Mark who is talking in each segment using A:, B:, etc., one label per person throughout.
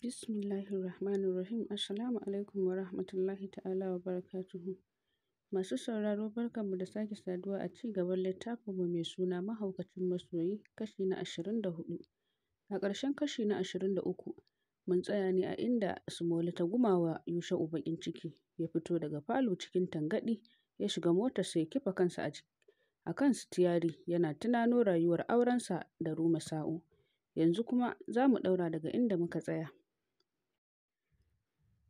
A: Bismillahirrahmanirrahim. Assalamu alaikum wa rahmatullahi ta'ala wa barakatuhu. Masu sauraro barkanmu da sake saduwa a ci gaban littafin mu mai suna Mahaukacin Masoyi kashi na ashirin A ƙarshen kashi na ashirin da mun tsaya ne a inda Sumola ta gumawa Yusha ubakin ciki ya fito daga falo cikin tangaɗi ya shiga motarsa ya kifa kansa a ciki, a kan sitiyari yana tunano rayuwar aurensa da Ruma Sa'u. Yanzu kuma za mu ɗaura daga inda muka tsaya.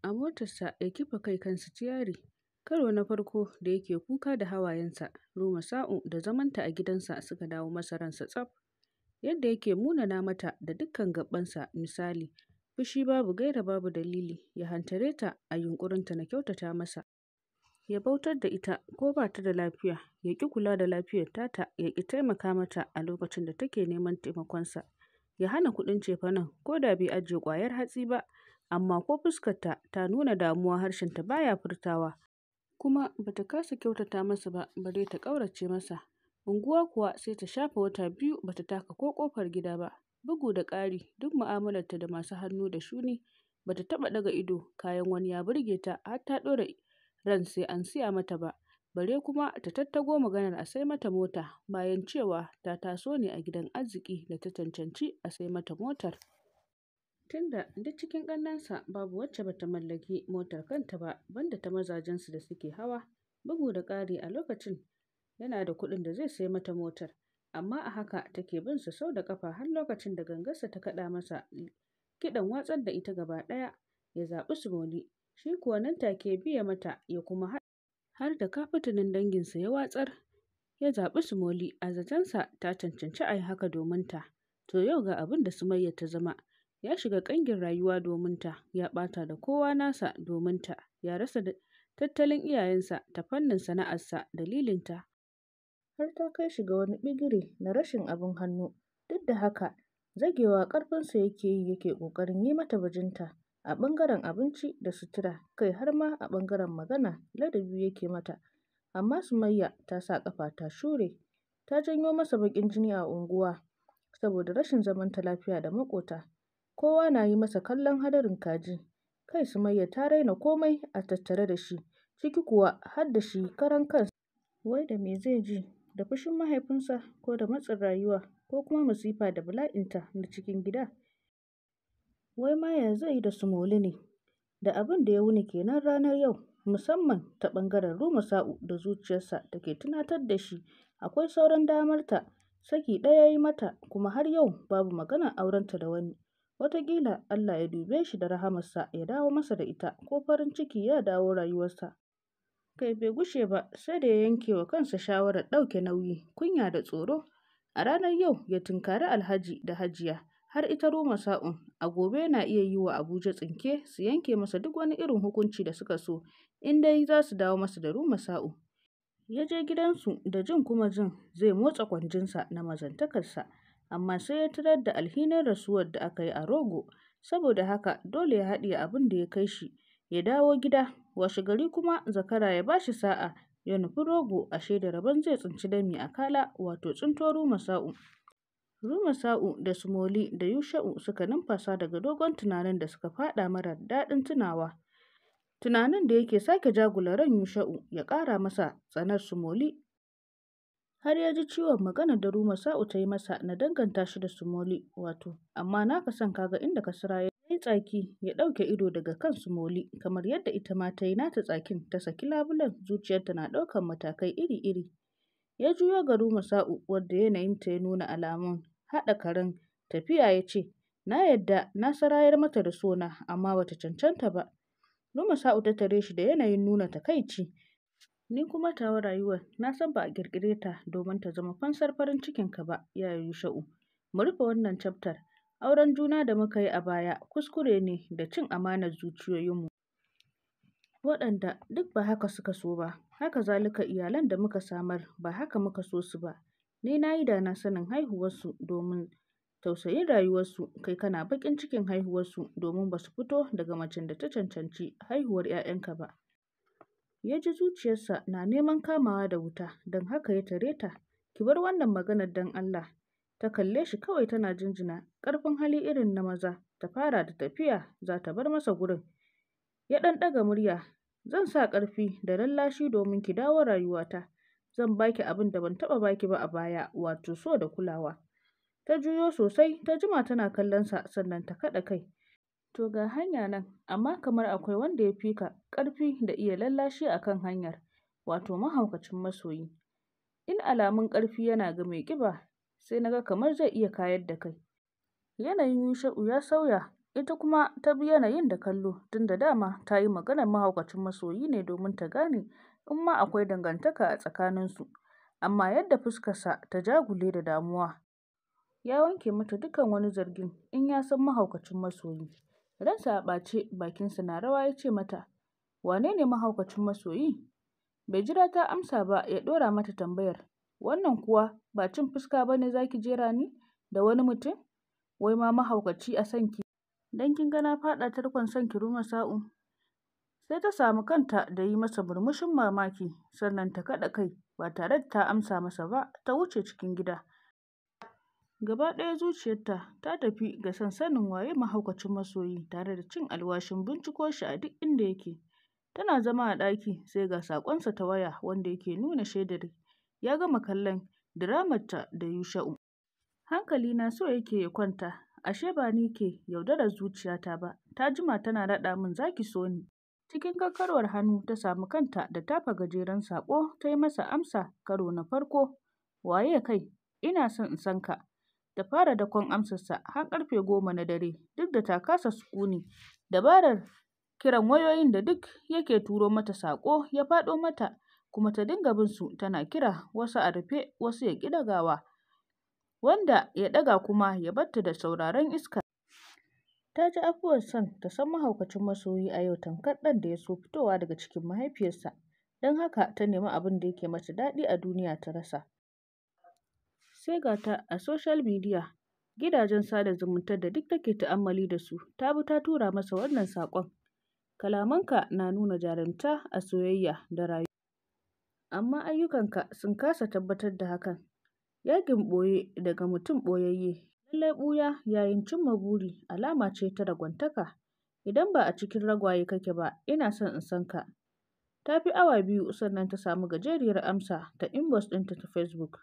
A: a motarsa ya kifa kai kansa ciyari. Karo na farko da yake kuka da hawayensa, Ruma Sa'u da zamanta a gidansa suka dawo masa ransa tsaf. Yadda yake munana mata da dukkan gabbansa, misali, fushi babu gaira babu dalili, ya hantare ta a yunkurinta na kyautata masa, ya bautar da ita ko ba ta da lafiya, ya ki kula da lafiyar tata, ya ki taimaka mata a lokacin da take neman taimakonsa, ya hana kuɗin cefanen ko da bai ajiye ƙwayar hatsi ba. amma ko fuskarta ta nuna damuwa harshenta ba ya furtawa kuma ba ta kasa kyautata masa ba bare ta ƙaurace masa unguwa kuwa sai ta shafa wata biyu ba ta taka ko ƙofar gida ba bugu da ƙari duk mu'amalarta da masu hannu da shuni ba ta taɓa ɗaga ido kayan wani ya burge ta har ta ɗora ran sai an siya mata ba bare kuma ta tattago maganar a sai mata mota bayan cewa ta taso ne a gidan arziki da ta cancanci a sai mata motar tunda duk cikin ƙannensa babu wacce bata mallaki motar kanta ba banda ta mazajensu da suke hawa bugu da ƙari a lokacin yana da kuɗin da zai sai mata motar amma a haka take bin su sau da kafa har lokacin da gangarsa ta kaɗa masa kiɗan watsar da ita gaba ɗaya ya zaɓi su Simoni shi kuwa nan take biya mata ya kuma har da fitinin danginsa ya watsar ya zaɓi su moli, a zatensa ta cancanci a yi haka domin ta to yau ga abin da Sumayya ta zama Ya shiga ƙangin rayuwa domin ta, ya ɓata da kowa nasa domin ta, ya rasa tattalin iyayensa ta fannin sana'arsa dalilin ta, har ta kai shiga wani bigiri na rashin abin hannu, duk da haka zagewa ƙarfinsa yake yi yake ƙoƙarin yi mata bajinta a ɓangaren abinci da sutura kai har ma a ɓangaren magana ladabi yake mata, amma Sumayya ta sa ƙafa ta shure, ta janyo masa baƙin jini a unguwa saboda rashin zamanta lafiya da maƙota. Kowa na yi masa kallon hadarin kaji, kai Sumayya ta raina komai a tattare da shi, ciki kuwa har da shi karan kansa. Wai da me zai ji, da fushin mahaifinsa ko da matsin rayuwa ko kuma masifa da bala'inta na cikin gida? Wai ma ya zai yi da Sumulu ne? Da abin da ya wuni kenan ranar yau, musamman ta ɓangaren Sa'u da zuciyarsa take tunatar da shi akwai sauran damarta, saki ɗaya ya yi mata kuma har yau babu maganar aurenta da wani. Wataƙila Allah ya dube shi da rahamarsa ya dawo masa da ita, ko farin ciki ya dawo rayuwarsa. Kai bai gushe ba sai da ya yanke wa kansa shawarar ɗauke nauyi, kunya da tsoro. A ranar yau ya tunkari Alhaji da Hajiya, har ita Roma Sa'un a gobe na iya yi wa Abuja tsinke su yanke masa duk wani irin hukunci da suka so, in dai za su dawo masa da Roma Sa'u. Ya je gidansu da jin kuma jin zai motsa kwanjinsa na mazantakarsa. amma sai ya tarar da alhinin rasuwar da aka yi a Rogo, saboda haka dole ya haɗiye abin da ya kai shi ya dawo gida, washe gari kuma zakara ya bashi sa'a ya nufi Rogo ashe da rabon zai tsinci dami a kala wato tsinto Ruma Sa'u. Ruma Sa'u da Sumoli da Yusha'u suka numfasa daga dogon tunanin da suka faɗa mara daɗin tunawa. Tunanin da yake sake jagula Yusha'u ya ƙara masa tsanar Sumoli Har ya ji ciwon magana da Ruma Sa'u ta yi masa na danganta shi da Sumoli wato, amma na ka san kaga inda ka sira ya yi tsaki ya ɗauke ido daga kan Sumoli kamar yadda ita ma ta yi nata tsakin ta saki labulen zuciyarta na ɗaukan matakai iri-iri. Ya juyo ga Ruma Sa'u yanayin ta ya nuna alamun haɗa karen tafiya ya ce, Na yadda na sarayar mata da sona amma bata cancanta ba. Ruma Sa'u ta tare shi da yanayin nuna takaici. Ni kuma tawa rayuwar na san ba a ƙirƙire ta domin ta zama fansar farin cikinka ba, ya sha'u Mu rufe wannan chaftar. Auren juna da muka yi a baya kuskure ne da cin amanar zuciyoyinmu, waɗanda duk ba haka suka so ba. Haka zalika iyalan da muka samar ba haka muka so su ba. Ni na yi da na sanin haihuwarsu domin tausayin rayuwarsu, kai kana baƙin cikin haihuwarsu domin ba su fito daga macen da ta cancanci haihuwar 'ya'yanka ba. Ya ji zuciyarsa na neman kamawa da wuta, don haka ya tare ta, "Ki bar wannan maganar don Allah." Ta kalle shi kawai tana jinjina ƙarfin hali irin na maza, ta fara da tafiya za ta bar masa gurin. Ya ɗan ɗaga murya, "Zan sa ƙarfi da lallashi domin ki dawo rayuwata. Zan baki abin da ban taɓa baki ba a baya, wato so da kulawa." Ta juyo sosai, ta jima tana kallonsa sannan ta kaɗa kai. To ga hanya nan, amma kamar akwai wanda ya fi ka ƙarfi da iya lallashi a kan hanyar, wato mahaukacin masoyi, in alamun ƙarfi yana ga mai ƙiba, sai na ga kamar zai iya kayar da kai. Yanayin Yusha'u ya sauya, ita kuma ta bi yanayin da kallo tun da dama ta yi maganar mahaukacin masoyi ne domin ta gane in ma akwai dangantaka a tsakaninsu, amma yadda fuskarsa ta jagule da damuwa, ya wanke mata dukkan wani zargin in ya san mahaukacin masoyi. Ransa a ɓace, bakinsa na rawa ya ce mata, “Wane ne mahaukacin masoyi?” Bai jira ta amsa ba ya ɗora mata tambayar, “Wannan kuwa ba cin fuska ba ne za ki jera ni da wani mutum? Wai ma mahaukaci a sanki, don kin gana na faɗa tarkon son ki ruma sa'u?” Sai ta samu kanta da yi masa murmushin mamaki, sannan ta kaɗa kai ba tare da ta amsa masa ba ta wuce cikin gida. Gaba ɗaya zuciyarta ta tafi ga sansanin waye mahaukacin masoyi tare da cin alwashin binciko shi a duk inda yake, tana zama a ɗaki sai ga saƙonsa ta waya wanda yake nuna shaidar ya gama kallon diramarta da Yusha'u. hankali na so yake ya kwanta, ashe ba ni ke yaudarar zuciyata ba, ta jima tana raɗa min za ki so ni. Cikin kakkarwar hannu ta samu kanta da tafa gajeren saƙo ta yi masa amsa karo na farko, waye kai, ina son in san ka. ta fara dakon amsarsa har ƙarfe goma na dare duk da ta kasa sukuni, dabarar kiran wayoyin da duk yake turo mata saƙo ya faɗo mata kuma ta dinga bin su tana kira wasu a rufe wasu ya ƙi wanda ya ɗaga kuma ya batta da sauraron iska. Ta ji afuwar son ta san mahaukacin masoyi a yau tamkar ɗan da ya so fitowa daga cikin mahaifiyarsa, don haka ta nemi abin da yake mata daɗi a duniya ta rasa. sai ga ta a social media, gidajen sada zumunta da duk take ta'ammali da su ta bi ta tura masa wannan saƙon: kalamanka na nuna jarumta a soyayya da rayuwa amma ayyukanka sun kasa tabbatar da hakan, yaƙin ɓoye daga mutum ɓoyayye, lallai ɓuya yayin cimma buri alama ce ta ragwantaka, idan ba a cikin ragwaye kake ba ina son in san ka, ta fi awa biyu sannan ta samu gajeriyar amsa ta inbox ɗinta ta Facebook.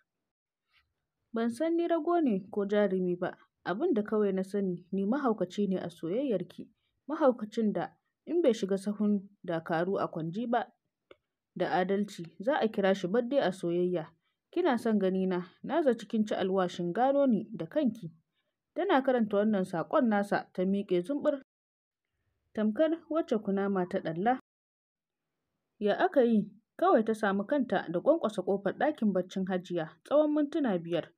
A: Ban san ni rago ne ko jarumi ba, abin da kawai na sani ni mahaukaci ne a soyayyarki, mahaukacin da in bai shiga sahun dakaru a kwanji ba da adalci za a kira shi badde a soyayya. Kina son ganina, na za cikin ci alwashin gano ni da kanki. Tana karanta wannan saƙon nasa ta miƙe zumbur tamkar wacce kunama ta ɗalla. Ya aka yi kawai ta samu kanta da ƙwanƙwasa ƙofar ɗakin baccin Hajiya tsawon mintuna biyar.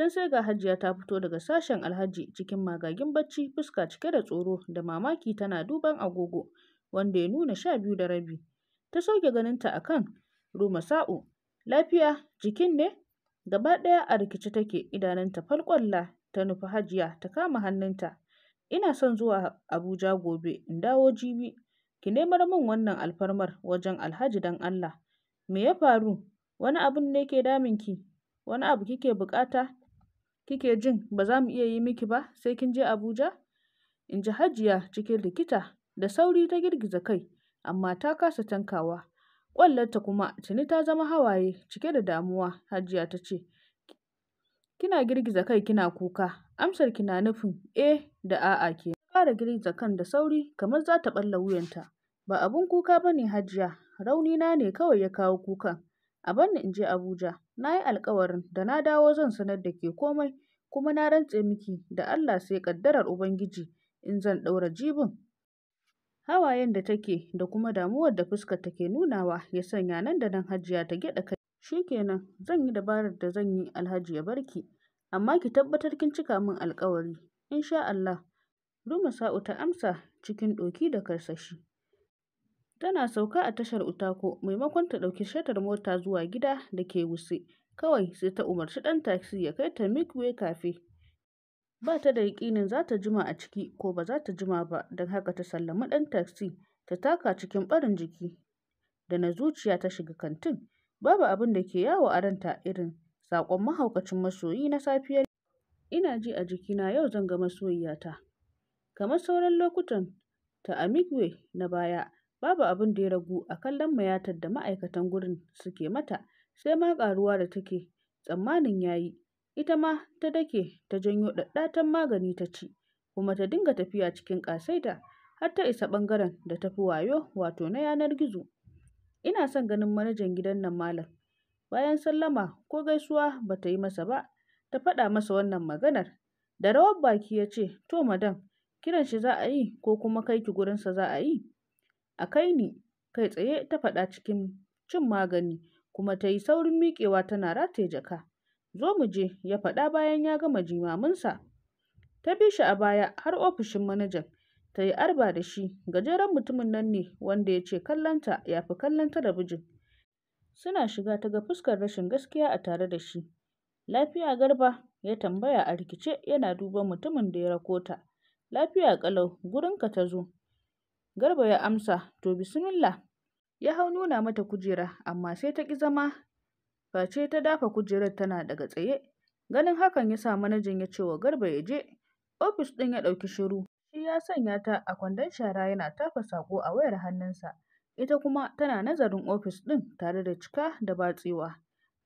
A: Idan sai ga Hajiya ta fito daga sashen Alhaji cikin magagin bacci fuska cike da tsoro da mamaki tana duban agogo wanda ya nuna sha biyu da rabi. Ta sauke ganinta a kan Ruma Sa'u. Lafiya jikin ne? Gaba ɗaya a rikice take idanunta falƙwalla ta nufi Hajiya ta kama hannunta. Ina son zuwa Abuja gobe in dawo jibi. Ki nemar min wannan alfarmar wajen Alhaji dan Allah. Me ya faru? Wani abun ne ke damin ki? Wani abu kike buƙata? kike jin ba za mu iya yi miki ba sai kin je Abuja? In ji Hajiya cikin rikita da sauri ta girgiza kai amma ta kasa tankawa. Ƙwallarta kuma tuni ta zama hawaye cike da damuwa Hajiya ta ce, Kina girgiza kai kina kuka, amsar kina nufin eh da a'a ke. Fara girgiza kan da sauri kamar za ta ɓalla wuyanta. Ba abun kuka ba ne Hajiya, raunina ne kawai ya kawo kukan. A bar ni in je Abuja, na yi alƙawarin da na dawo zan sanar da ke komai, kuma na rantse miki da Allah sai ƙaddarar Ubangiji in zan ɗaura jibin. Hawayen da take da kuma damuwar da fuska take nunawa ya sanya nan da nan Hajiya ta gyaɗa kai. Shi kenan, zan yi dabarar da zan yi Alhaji ya bar ki, amma ki tabbatar kin cika min alƙawari, in sha Allah. Sa'u ta amsa cikin ɗoki da karsashi. Tana sauka a tashar Utako, maimakon ta ɗauki shatar mota zuwa gida da ke Wuse, kawai sai ta umarci ɗan taxi ya kai ta Mikwe Cafe. Ba ta da yakinin za ta jima a ciki ko ba za ta jima ba, don haka ta sallami ɗan taxi ta taka cikin ɓarin jiki da na zuciya ta shiga kantin, babu abin da ke yawo a ranta irin saƙon mahaukacin masoyi na safiyar ina ji a jikina yau zan ga masoyiyata. Kamar sauran lokutan ta a na baya, Babu abin da ya ragu a kallon mayatar da ma'aikatan gurin suke mata, sai ma ƙaruwa da take tsammanin ya yi, ita ma ta dake ta janyo ɗaɗɗatan magani ta ci, kuma ta dinga tafiya cikin ƙasaida har ta isa ɓangaren da ta fi wayo wato na yanar gizo. Ina son ganin manajan gidan nan malam. Bayan sallama ko gaisuwa ba ta yi masa ba, ta faɗa masa wannan maganar. Da rawar baki ya ce, to madam, kiran shi za a yi ko kuma kai ki gurinsa za a yi? a kai ni kai tsaye ta faɗa cikin cin magani kuma ta yi saurin miƙewa tana rataye jaka. Zo mu je, ya faɗa bayan ya gama jimaminsa. Ta bi shi a baya har ofishin manajan, ta yi arba da shi, gajeren mutumin nan ne wanda ya ce kallonta ya fi kallon talabijin. Suna shiga ta ga fuskar rashin gaskiya a tare da shi. Lafiya Garba, ya tambaya a rikice yana duban mutumin da ya rakota Lafiya ƙalau, gurinka ta zo. Garba ya amsa, to bisimillah Ya hau nuna mata kujera, amma sai ta ƙi zama, face ta dafa kujerar tana daga tsaye. Ganin hakan ya sa manajan ya ce wa Garba ya je. Ofis ɗin ya ɗauki shiru, shi ya sanya ta a kwandon shara yana tafa saƙo a wayar hannunsa. Ita kuma tana nazarin ofis ɗin tare da cika da batsewa.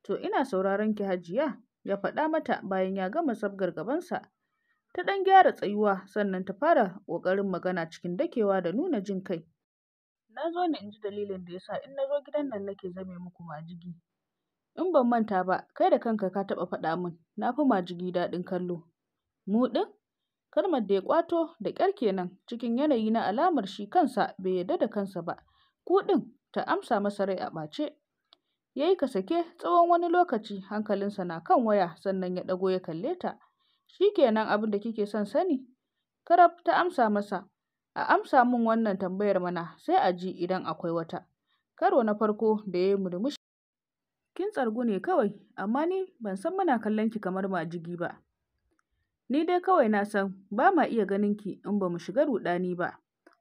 A: To ina sauraron ki Hajiya, ya faɗa mata bayan ya gama sabgar gabansa. ta ɗan gyara tsayuwa sannan ta fara ƙoƙarin magana cikin dakewa da nuna jin kai. Na zo ne in ji dalilin da ya sa in na zo gidan nan nake zame muku majigi. In ban manta ba, kai da kanka ka taɓa faɗa min, na fi majigi daɗin kallo. Mu ɗin? Kalmar da ya ƙwato da ƙyar kenan cikin yanayi na alamar shi kansa bai yarda da kansa ba. Ku ɗin ta amsa masa rai a ɓace. Ya yi sake tsawon wani lokaci hankalinsa na kan waya sannan ya ɗago ya kalle ta. shi kenan abin da kike son sani? Karab ta amsa masa, a amsa min wannan tambayar mana sai a ji idan akwai wata. Karo na farko da ya yi murmushi. Kin tsargu ne kawai, amma ni ban san muna kallon ki kamar majigi ba. Ni dai kawai na san ba ma iya ganin ki in ba mu shiga ruɗani ba,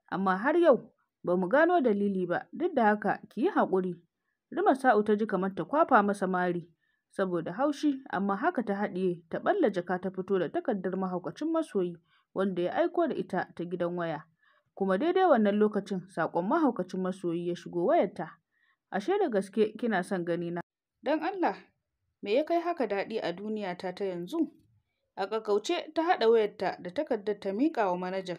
A: amma har yau ba mu gano dalili ba, duk da haka ki yi haƙuri. Rima Sa'u ta ji kamar ta kwafa masa mari. saboda haushi amma haka ta haɗiye ta ɓalla jaka ta fito da takardar mahaukacin masoyi wanda ya aiko da ita ta gidan waya kuma daidai wannan lokacin saƙon mahaukacin masoyi ya shigo wayarta ashe da gaske kina son gani na dan Allah me ya kai haka daɗi a duniya ta ta yanzu a ƙaƙauce ta haɗa wayarta da takardar ta miƙa wa manajan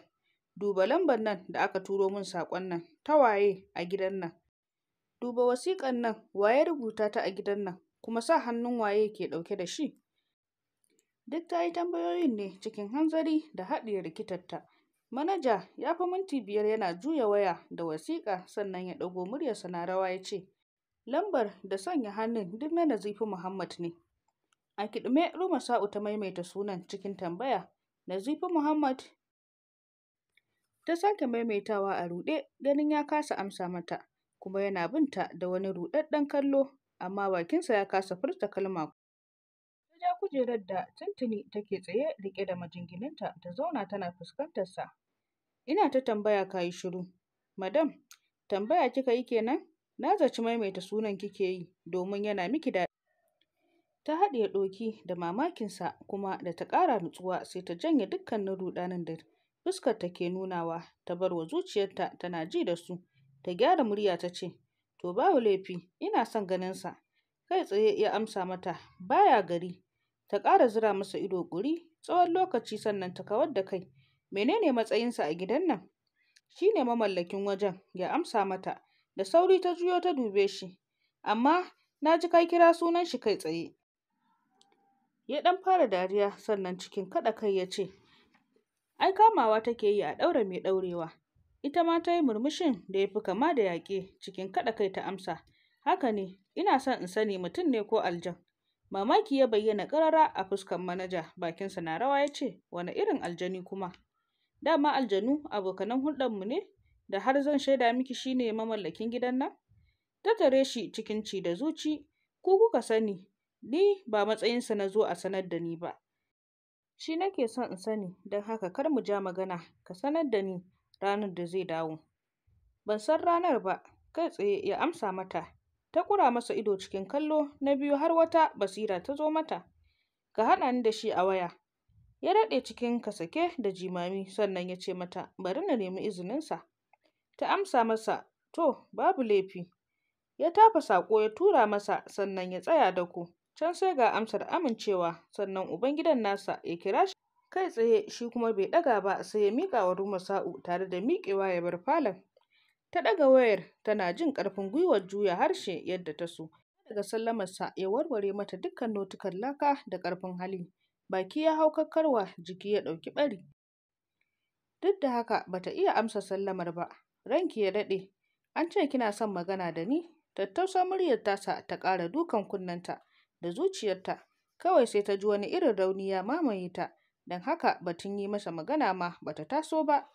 A: duba lambar nan da aka turo min saƙon nan ta waye a gidan nan duba wasiƙan nan waye rubuta ta a gidan nan kuma sa hannun waye ke ɗauke da shi duk ta yi tambayoyin ne cikin hanzari da haɗiye rikitarta manaja ya fi minti biyar yana juya waya da wasiƙa sannan ya ɗago muryarsa na rawa ya ce lambar da sanya hannun duk na nazifi muhammad ne a kiɗime ruma sa'u ta maimaita sunan cikin tambaya nazifi muhammad ta sake maimaitawa a ruɗe ganin ya kasa amsa mata kuma yana binta da wani ruɗaɗɗen kallo amma bakinsa ya kasa furta kalma. Ta ja kujerar da tuntuni take tsaye riƙe da majinginanta ta zauna tana fuskantarsa. Ina ta tambaya ka yi shiru. Madam, tambaya kika yi kenan? Na zaci maimaita sunan kike yi domin yana miki daɗi. Ta haɗiye ɗoki da mamakinsa kuma da ta ƙara nutsuwa sai ta janye dukkanin ruɗanin da fuskar ta ke nunawa ta bar wa zuciyarta tana ji da su. Ta gyara murya ta ce, To babu laifi, ina son ganin sa. Kai tsaye ya amsa mata, baya gari. Ta ƙara zura masa ido ƙuri tsawon lokaci sannan ta kawar da kai. Menene matsayinsa a gidan nan? Shi ne mamallakin wajen, ya amsa mata. Da sauri ta juyo ta dube shi. Amma na ji ka kira sunan shi kai tsaye. Ya ɗan fara dariya sannan cikin kaɗa kai ya ce, ai kamawa take yi a ɗaure mai ɗaurewa. ita ma ta yi murmushin da ya fi kama da yaƙi cikin kaɗa kai ta amsa haka ne ina son in sani mutum ne ko aljan mamaki ya bayyana ƙarara a fuskan manaja bakinsa na rawa ya ce wani irin aljani kuma dama aljanu abokanan mu ne da har zan shaida miki shine mamallakin gidan nan ta tare shi cikin ci da zuci ku kuka sani ni ba matsayinsa na zo a sanar da ni ba shi nake son in sani don haka kar mu ja magana ka sanar da ni ranar da zai dawo. Ban san ranar ba, kai tsaye ya amsa mata, ta ƙura masa ido cikin kallo na biyu har wata basira ta zo mata, ka haɗa ni da shi a waya. Ya daɗe cikin kasake da jimami sannan ya ce mata bari na nemi izininsa. Ta amsa masa to babu laifi. Ya tafa saƙo ya tura masa sannan ya tsaya da ku. Can sai ga amsar amincewa sannan ubangidan nasa ya kira shi. kai tsaye shi kuma bai ɗaga ba sai ya miƙa wa Ruma sa'u tare da miƙewa ya bar falon. Ta ɗaga wayar tana jin ƙarfin gwiwar juya harshe yadda ta so. Daga sallamarsa ya warware mata dukkan notukan laka da ƙarfin hali. Baki ya hau kakkarwa jiki ya ɗauki ɓari. Duk da haka bata iya amsa sallamar ba. Ranki ya daɗe. An ce kina son magana da ni? Tattausa muryar tasa ta ƙara dukan kunnenta da zuciyarta. Kawai sai ta ji wani irin rauni ya mamaye ta. don haka batun yi masa magana ma bata taso ba.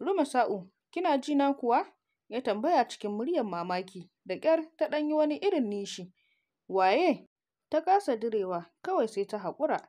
A: Rumasa'u kina ji na kuwa? ya tambaya cikin muryar mamaki da ƙyar ta ɗan yi wani irin nishi. Waye? Ta kasa direwa kawai sai ta haƙura.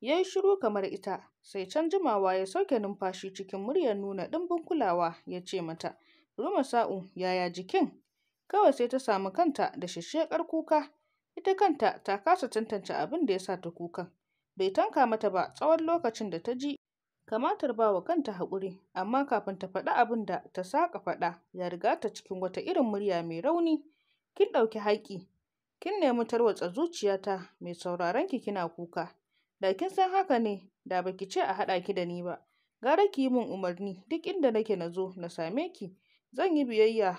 A: Ya yi shiru kamar ita sai can jimawa ya sauke numfashi cikin muryar nuna ɗimbin kulawa ya ce mata Rumasa'u yaya jikin? Kawai sai ta samu kanta da shashshekar kuka ita kanta ta kasa tantance abin da ya sa ta kukan. bai tanka mata ba tsawon lokacin da ta ji kamatar ba wa kanta haƙuri amma kafin ta faɗi abin da ta saƙa faɗa ya riga ta cikin wata irin murya mai rauni kin ɗauki haƙƙi kin nemi tarwatsa zuciyata mai sauraron ki kina kuka da kin san haka ne da baki ce a haɗa ki da ni ba gara ki yi min umarni duk inda nake na zo na same ki zan yi biyayya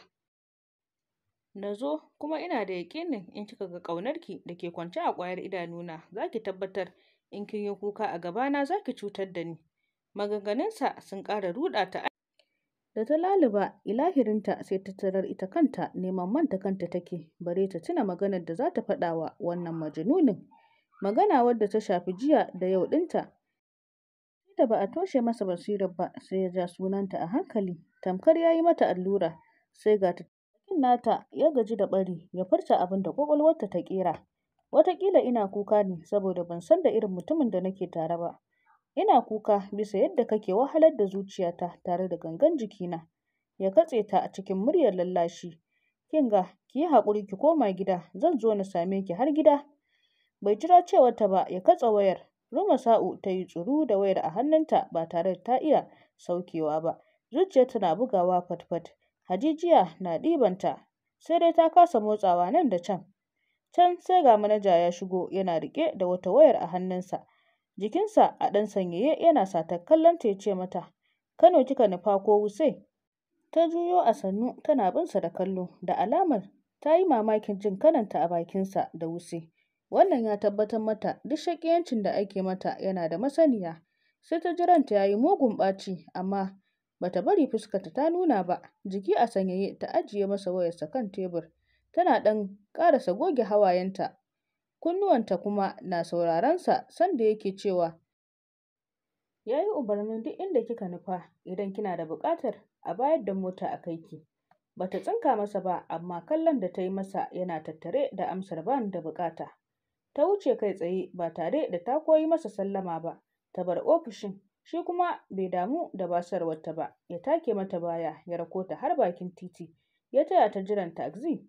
A: na zo kuma ina da yaƙinin in kika ga ƙaunarki da ke kwance a ƙwayar idanuna za ki tabbatar in kin yi kuka a gabana za ki cutar da ni. Maganganunsa sun ƙara ruɗa ta. Da ta laluba ilahirinta sai ta tarar ita kanta neman manta kanta take bare ta tuna maganar da za ta faɗa wa wannan majinunin. Magana wadda ta shafi jiya da yau ɗinta. Da ba a toshe masa basirar ba sai ya ja sunanta a hankali tamkar ya yi mata allura sai ga ta nata ya gaji da ɓari ya furta abin da ƙwaƙwalwarta ta ƙera. Wataƙila ina kuka ne saboda ban san da irin mutumin da nake tare ba. Ina kuka bisa yadda kake wahalar da zuciyata tare da gangan jikina, ya katse ta a cikin muryar lallashi. Kinga, ki yi haƙuri ki koma gida, zan zo na same ki har gida. Bai jira ta ba ya katse wayar. Zuma Sa'u ta yi tsuru da wayar a hannunta ba tare da ta iya saukewa ba. Zuciyarta na bugawa fatfat. Hajijiya na ɗibanta, sai dai ta kasa motsawa nan da can. Can sai ga manaja ya shigo yana riƙe da wata wayar a hannunsa. Jikinsa a ɗan sanyaye yana satar kallonta ya ce mata, Kano kika nufa ko Wuse? Ta juyo a sannu tana binsa da kallo da alamar ta yi mamakin jin kananta a bakinsa da Wuse. Wannan ya tabbatar mata duk shaƙiyancin da ake mata yana da masaniya. Sai ta ji ranta ya yi mugun ɓaci amma bata bari fuskarta ta nuna ba, jiki a sanyaye ta ajiye masa wayarsa kan tebur. tana ɗan ƙarasa goge hawayenta, kunnuwanta kuma na sauraron sanda yake cewa, ya yi umarnin duk inda kika nufa idan kina da buƙatar a bayar da mota a kai ki. Ba ta tsinka masa ba, amma kallon da ta yi masa yana tattare da amsar bani da buƙata. Ta wuce kai tsaye ba tare da ta koyi masa sallama ba, ta bar ofishin, shi kuma bai damu da basarwarta ba, ya take mata baya, ya rako ta har bakin titi, ya taya ta jiran taxi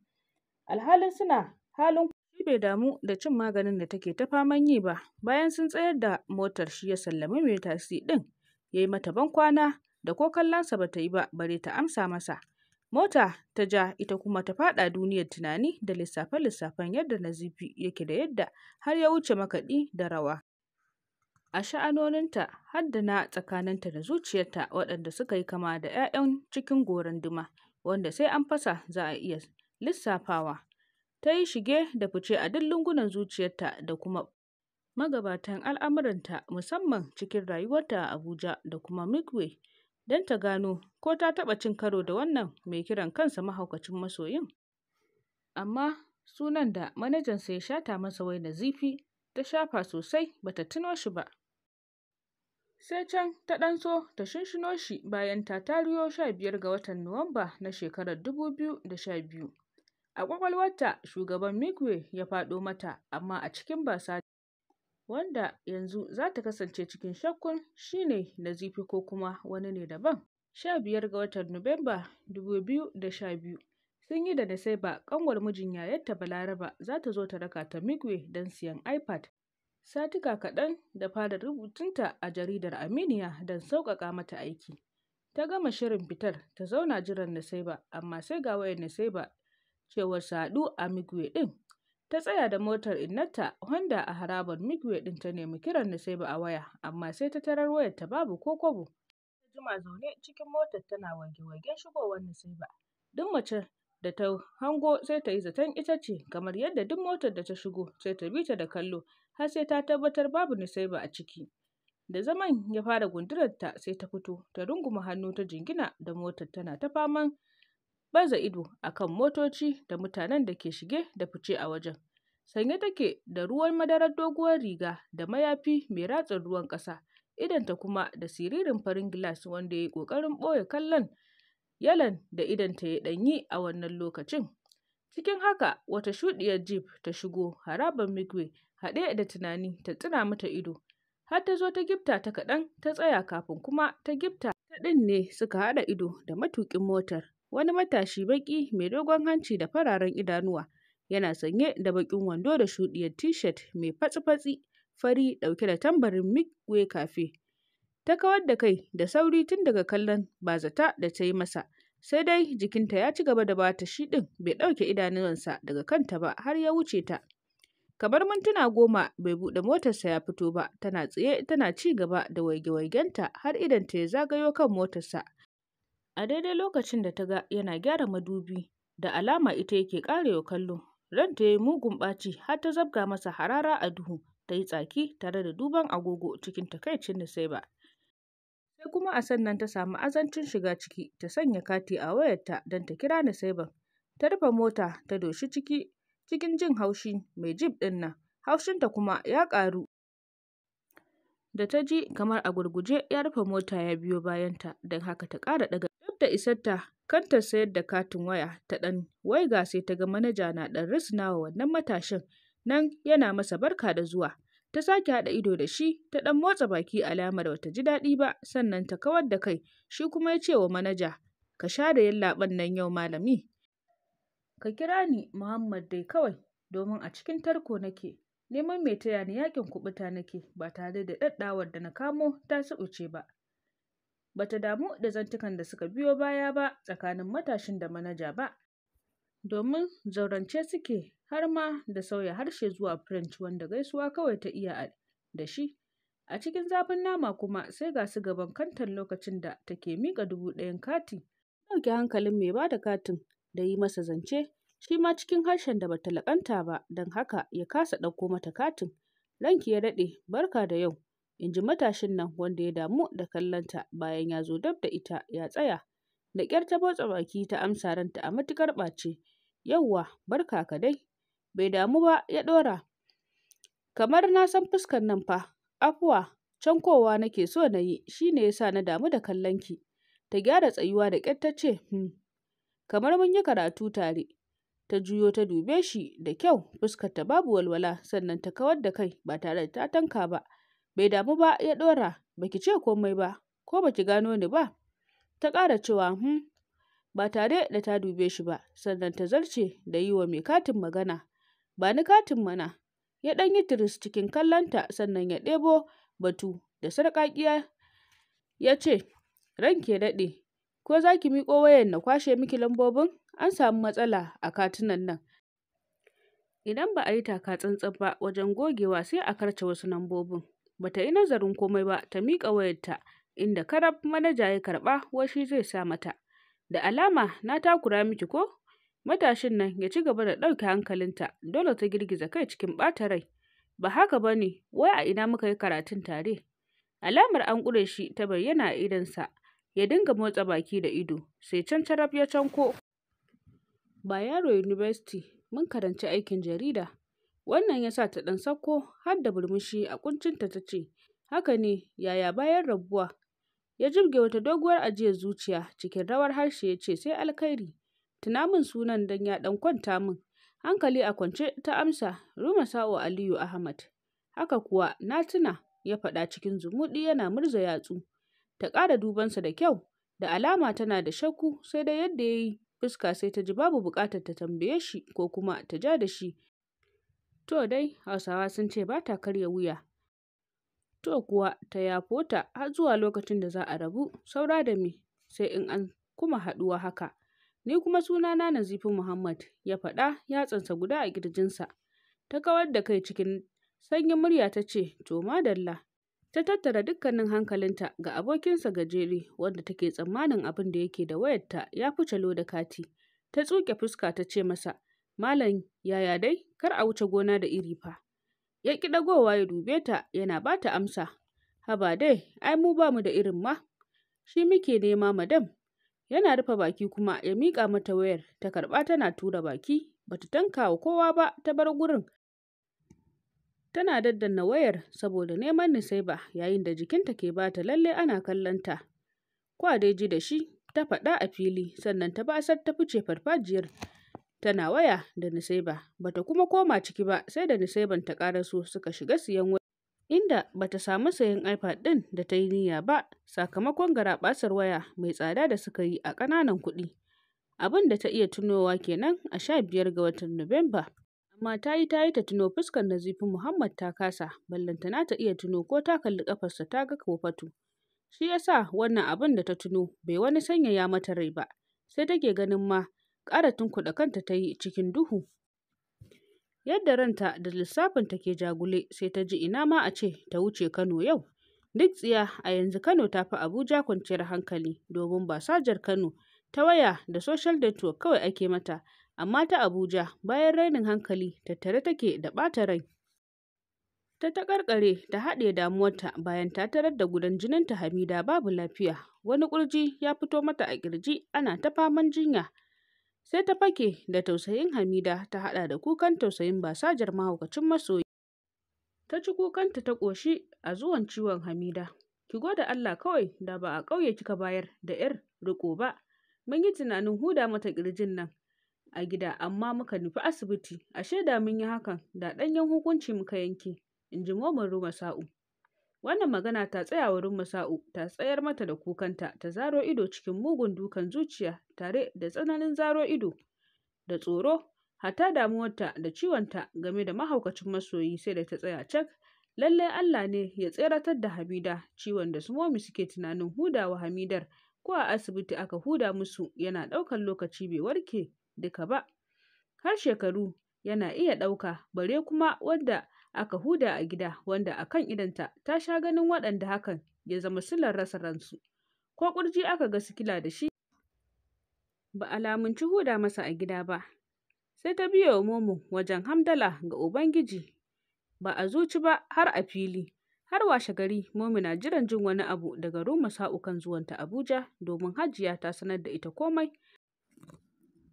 A: alhalin suna halin kuɗi bai damu da cin maganin da take ta faman yi ba bayan sun tsayar da motar shi ya sallami mai tasi ɗin ya yi mata kwana da ko kallonsa ba ta yi ba bare ta amsa masa mota ta ja ita kuma ta faɗa duniyar tunani da lissafe-lissafen yadda nazifi yake da yadda har ya wuce makaɗi da rawa a sha'anoninta har da na tsakaninta da zuciyarta waɗanda suka yi kama da 'ya'yan cikin goron duma wanda sai an fasa za a iya lissafawa, ta yi shige da fice a duk lungunan zuciyarta da kuma magabatan al'amuranta, musamman cikin rayuwarta a Abuja da kuma Midway, don ta gano ko ta taɓa cin karo da wannan mai kiran kansa mahaukacin masoyin, amma sunan da manajansa ya shata masa wai Nazifi ta shafa sosai ba ta tuno shi ba. Sai can ta ɗan so ta shinshino shi bayan ta tariyo 15 ga watan Nuwamba na shekarar 2012. A ƙwaƙwalwarta, Shugaban Miggy ya faɗo mata, amma a cikin basa wanda yanzu za ta kasance cikin shakkun shi ne Nazifi ko kuma wani ne daban. 15 ga watan Nuwamba 2012, sun yi da Nasaiba, ƙanwar mijin yayarta Balaraba za ta zo ta raka ta Miggy don siyan iPad. Satika kaɗan da fara rubutunta a jaridar Aminiya don sauƙaƙa mata aiki. Ta gama shirin fitar, ta zauna jiran Nasaiba, amma sai ga wayar Nasaiba cewar Sadu a Migwe ɗin. Ta tsaya da motar innata. Honda a harabar Migwe ɗin ta nemi kiran ba a waya, amma sai ta tarar wayar ta babu ko kwabo. Ta jima zaune cikin motar tana wage wage shigowar ba. Duk mace da ta hango sai ta yi zaton ita ce, kamar yadda duk motar da ta shigo sai ta bi ta da kallo har sai ta tabbatar babu ba a ciki. Da zaman ya fara gundurarta sai ta fito, ta runguma hannu ta jingina da motar tana ta faman baza ido a kan motoci da mutanen da ke shige da fice a wajen, sanye take da ruwan madarar doguwar riga da mayafi mai ratsin ruwan ƙasa, idonta kuma da siririn farin gilas wanda ya yi ƙoƙarin ɓoye kallon yalan da idonta ya ɗan yi a wannan lokacin. Cikin haka, wata shuɗiyar Jeep ta shigo harabar Midway haɗe da tunani ta tsina mata ido, har ta zo ta gifta ta kaɗan ta tsaya kafin kuma ta gifta ta ne suka haɗa ido da matuƙin motar. Wani matashi baƙi mai dogon hanci da fararen idanuwa yana sanye da baƙin wando da shuɗiyar Tishet mai fatsi-fatsi fari ɗauke da tambarin Midway Cafe, ta kawar da kai da sauri tun daga kallon bazata da ta yi masa, sai dai jikinta ya ci gaba da ba ta shi ɗin bai ɗauke idanuwansa daga kanta ba har ya wuce ta. Kamar mintuna goma bai buɗe motarsa ya fito ba, tana tsaye tana ci gaba da waige-waigenta har idan ta ya zagayo kan motarsa. A daidai lokacin da ta ga yana gyara madubi da alama ita yake ƙarewa kallo, ranta yayi yi mugun ɓaci har ta zabga masa harara a duhu ta yi tsaki tare da duban agogo cikin takaicin Nusaybah, sai kuma a sannan ta samu azancin shiga ciki ta sanya kati a wayarta don ta kira Nusaybah, ta rufe mota ta doshi ciki cikin jin haushi mai jib ɗin nan, haushinta kuma ya ƙaru. da ta ji kamar a gurguje ya rufe mota ya biyo bayanta don haka ta ƙara ɗaga. Duk da isarta kanta sayar da katin waya ta ɗan ga sai ta ga manaja na ɗan risnawa wannan matashin nan yana masa barka da zuwa. Ta sake haɗa ido da shi ta ɗan motsa baki alamar bata ji daɗi ba sannan ta kawar da kai shi kuma ya ce wa manaja ka sha da yallaɓan nan yau malami. Ka kira ni Muhammad dai kawai domin a cikin tarko nake. Neman mai taya ni yaƙin kuɓuta nake ba tare da ɗaɗɗawar da na kamo ta suɓuce ba. Ba ta damu da zantukan da suka biyo baya ba tsakanin matashin da manaja ba, domin zaurance suke har ma da sauya harshe zuwa French wanda gaisuwa kawai ta iya da shi. A cikin zafin nama kuma sai ga su gaban kantar lokacin da take miƙa dubu ɗayan kati. Ɗauke hankalin mai bada katin da yi masa zance shi ma cikin harshen da bata laƙanta ba don haka ya kasa ɗauko mata katin. Ranki ya daɗe, barka da yau, in ji matashin nan wanda ya damu da kallonta bayan ya zo dab da ita ya tsaya. Da ƙyar ta motsa baki ta amsa ranta a matukar ɓace, yauwa barka ka dai. Bai damu ba ya ɗora. Kamar na san fuskar nan fa, afuwa cankowa nake so na yi shi ne ya sa na damu da kallonki. Ta gyara tsayuwa da ƙyar ta ce, hmm, kamar mun yi karatu tare, Ta juyo ta dube shi da kyau, fuskarta babu walwala, sannan ta kawar da kai ba tare da ta tanka ba. Bai damu ba ya ɗora, baki ce komai ba, ko baki gano ni ba? Ta ƙara cewa hm ba tare da ta dube shi ba, sannan ta zarce da yi wa mai katin magana. Ba ni katin mana, ya ɗan yi tiris cikin kallonta sannan ya ɗebo batu da sarƙaƙiya ya ce, Ranke daɗe, ko za ki miƙo wayan na kwashe miki lambobin? an samu matsala a katunan nan. Idan ba a yi taka tsantsan ba wajen gogewa sai a karce wasu lambobin. Ba ta yi nazarin komai ba ta miƙa wayarta inda karab manaja ya karɓa wai zai sa mata. Da alama na takura miki ko? Matashin nan ya ci gaba da ɗauke hankalinta dole ta girgiza kai cikin ɓata rai. Ba haka ba ne wai a ina muka yi karatun tare. Alamar an ƙure shi ta bayyana a idonsa ya dinga motsa baki da ido sai can carab ya canko Ba yaro University mun karanci aikin jarida, wannan ya sa ta ɗan sauko har da murmushi a ƙuncinta ta ce: “Haka ne, yaya bayan rabuwa?” Ya jirge wata doguwar ajiyar zuciya cikin rawar harshe ya ce: “Sai alkhairi, tuna min sunan don ya ɗan kwanta min.” Hankali a kwance ta amsa: sa'o Aliyu Ahmad.” “Haka kuwa, na tuna,” ya faɗa cikin zumuɗi yana murza yatsu. Ta ƙara dubansa da kyau, da alama tana da shakku sai da yadda ya yi fuska sai ta ji babu buƙatar ta tambaye shi ko kuma ta ja da shi. To dai Hausawa sun ce ba ta karya wuya. To kuwa ta yafo ta har zuwa lokacin da za a rabu saura da me sai in an kuma haɗuwa haka. Ni kuma sunana Nazifi Muhammad ya faɗa yatsansa guda a ƙirjinsa. Ta kawar da kai cikin sanyin murya ta ce to madalla ta tattara dukkanin hankalinta ga abokinsa gajere wanda take tsammanin abin da yake da wayarta ya fi calo da kati ta tsuke fuska ta ce masa malam yaya dai kar a wuce gona da iri fa ya ki dagowa ya dube ta yana ba ta amsa haba dai ai mu ba mu da irin ma shi muke nema madam yana rufe baki kuma ya miƙa mata wayar ta karɓa tana tura baki bata tanka wa kowa ba ta bar gurin Tana daddanna wayar saboda neman Niseba yayin da jikinta ke bata lalle ana kallon ta, kwa dai ji da shi, ta faɗa a fili sannan ta basar ta fice farfajiyar tana waya da Niseba, bata kuma koma ciki ba sai da Niseban ta ƙaraso suka shiga siyan waya. inda ba samu sayen iPad ɗin da ta yi niyya ba sakamakon garaɓasar waya mai tsada da suka yi a ƙananan kuɗi, abin da ta iya tunowa kenan a sha biyar ga watan Nuwamba. Amma ta yi ta yi ta tuno fuskar Nazifin Muhammad ta kasa, na ta iya tuno ko ta kalli ƙafarsa ta ga kofatu? shi yasa wannan abin da ta tuno bai wani sanyaya mata rai ba, sai take ganin ma ƙara tunkuɗa kanta ta yi cikin duhu. Yadda ranta da lissafinta ke jagule sai ta ji ina ma a ce ta wuce Kano yau. Duk tsiya a yanzu Kano ta fi Abuja kwanciyar hankali domin ba sajar Kano ta waya da social network kawai ake mata Amma ta Abuja, bayan rainin hankali, tattare take da ɓata rai. Ta taƙarƙare ta haɗe damuwarta bayan ta tarar da gudan jininta Hamida babu lafiya, wani ƙurji ya fito mata a ƙirji ana ta faman jinya. Sai ta fake da tausayin Hamida ta haɗa da kukan tausayin basajar mahaukacin masoyi. Ta ci kukanta ta ƙoshi a zuwan ciwon Hamida. Ki gode Allah kawai da ba a ƙauye kika bayar da ‘yar riƙo ba, mun yi tunanin huda mata ƙirjin nan. a gida amma muka nufi asibiti, ashe da mun yi hakan da ɗanyen hukunci muka yanke, inji momin Ruma Sa'u. Wannan magana ta tsaya wa Ruma Sa'u ta tsayar mata da kukanta ta zaro ido cikin mugun dukan zuciya tare da tsananin zaro ido da tsoro hata damuwarta da ciwonta game da mahaukacin masoyi sai da ta tsaya cak lallai Allah ne ya tseratar da Habida! ciwon da su momi suke tunanin hudawa Hamidar ko a asibiti aka huda musu yana ɗaukar lokaci bai warke duka ba, har shekaru yana iya ɗauka bare kuma wadda aka huda a gida wanda a kan idonta ta sha ganin waɗanda hakan ya zama silar rasa ransu, ko ƙurji aka ga sikila da shi ba a lamunci huda masa a gida ba, sai ta wa Momo wajen hamdala ga Ubangiji ba a zuci ba har a fili. Har washe gari, Momi na jiran jin wani abu daga Ruma Sa'u kan zuwanta Abuja domin Hajiya ta sanar da ita komai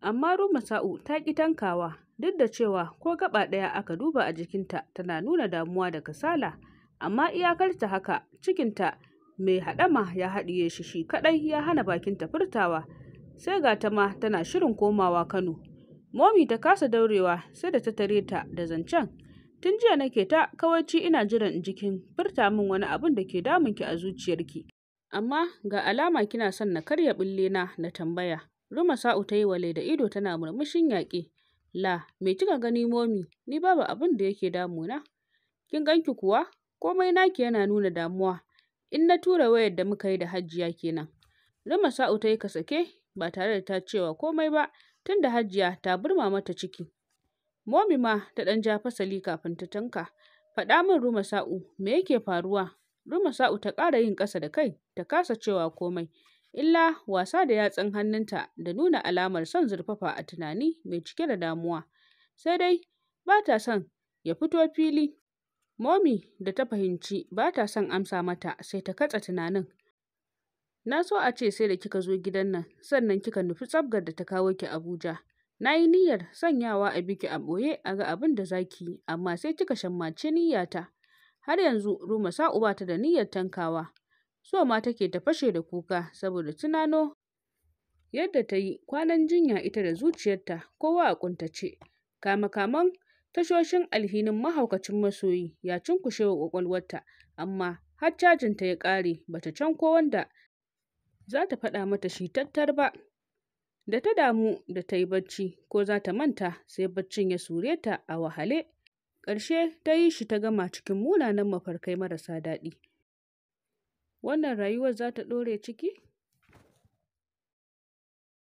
A: amma Ruma Sa'u ta ki tankawa duk da cewa ko gaba ɗaya aka duba a jikinta tana nuna damuwa da kasala amma iyakarta haka cikinta mai haɗama ya haɗiye shi shi kaɗai ya hana bakinta furtawa sai ga ta ma tana shirin komawa Kano momi ta kasa daurewa sai da ta tare ta da zancen tun jiya nake ta kawaici ina jiran jikin furta min wani abin da ke damun ki a zuciyarki amma ga alama kina son na karya bille na na tambaya Ruma Sa'u ta yi wale da ido tana murmushin yaƙi. La, me kika gani momi? Ni babu abin da yake damuna. Kin ganki kuwa? Komai naki yana nuna damuwa. In na tura wayar da muka yi da Hajiya kenan. Sa'u ta yi kasake ba tare da ta cewa komai ba tunda Hajiya ta burma mata ciki. Momi ma ta ɗan ja fasali kafin ta tanka. Faɗa min Ruma Sa'u me yake faruwa? Ruma Sa'u ta ƙara yin ƙasa da kai ta kasa cewa komai. illa wasa da yatsun hannunta da nuna alamar son zurfafa a tunani mai cike da damuwa, sai dai ba ta son ya fito fili. momi da ta fahimci ba ta son amsa mata sai ta katse tunanin. Na so a ce sai da kika zo gidan nan sannan kika nufi tsabgar da ta kawo ki Abuja. Na yi niyyar sanyawa a biki a ɓoye a ga abin da za ki yi, amma sai kika shammace niyyata. Har yanzu Ruma Sa'u ba ta da niyyar tankawa. so ma take ta fashe da kuka saboda tunano yadda ta yi kwanan jinya ita da zuciyarta kowa a ƙuntace kama-kaman tashoshin alhinin mahaukacin masoyi ya cunkushe wa kwakwalwarta amma har cajinta ya ƙare bata can ko wanda za ta faɗa mata shi tattar ba da ta damu da ta yi bacci ko za ta manta sai baccin ya sure ta a wahale ƙarshe ta yi shi ta gama cikin munanan mafarkai marasa daɗi Wannan rayuwar za ta ɗore ciki?